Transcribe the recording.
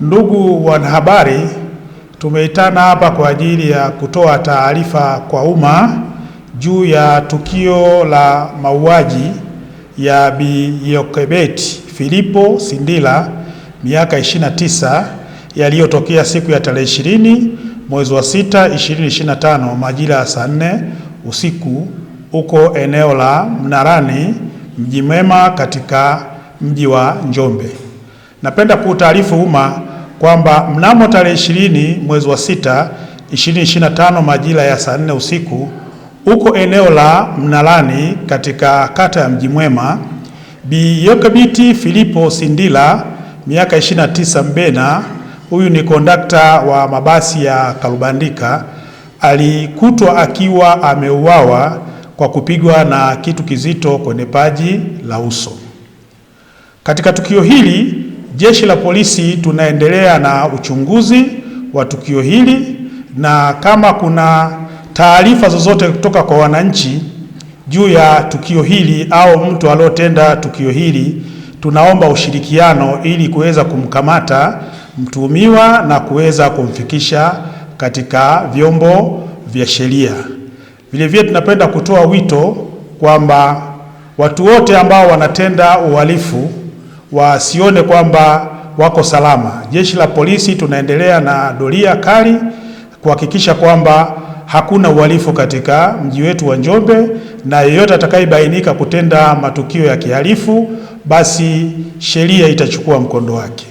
Ndugu wanahabari, tumeitana hapa kwa ajili ya kutoa taarifa kwa umma juu ya tukio la mauaji ya Bi Yokebet Filipo Sindila miaka 29 yaliyotokea siku ya tarehe 20 mwezi wa 6 2025 majira ya saa 4 usiku huko eneo la Mnarani Mji Mwema katika mji wa Njombe. Napenda kuutaarifu umma kwamba mnamo tarehe ishirini mwezi wa sita 2025 majira ya saa nne usiku huko eneo la Mnalani katika kata ya Mji Mwema, Bi Yokabiti Filipo Sindila miaka 29 Mbena, huyu ni kondakta wa mabasi ya Kalubandika, alikutwa akiwa ameuawa kwa kupigwa na kitu kizito kwenye paji la uso. Katika tukio hili Jeshi la Polisi tunaendelea na uchunguzi wa tukio hili, na kama kuna taarifa zozote kutoka kwa wananchi juu ya tukio hili au mtu aliyotenda tukio hili, tunaomba ushirikiano ili kuweza kumkamata mtuhumiwa na kuweza kumfikisha katika vyombo vya sheria. Vilevile tunapenda kutoa wito kwamba watu wote ambao wanatenda uhalifu wasione kwamba wako salama. Jeshi la polisi tunaendelea na doria kali kuhakikisha kwamba hakuna uhalifu katika mji wetu wa Njombe, na yeyote atakayebainika kutenda matukio ya kihalifu, basi sheria itachukua mkondo wake.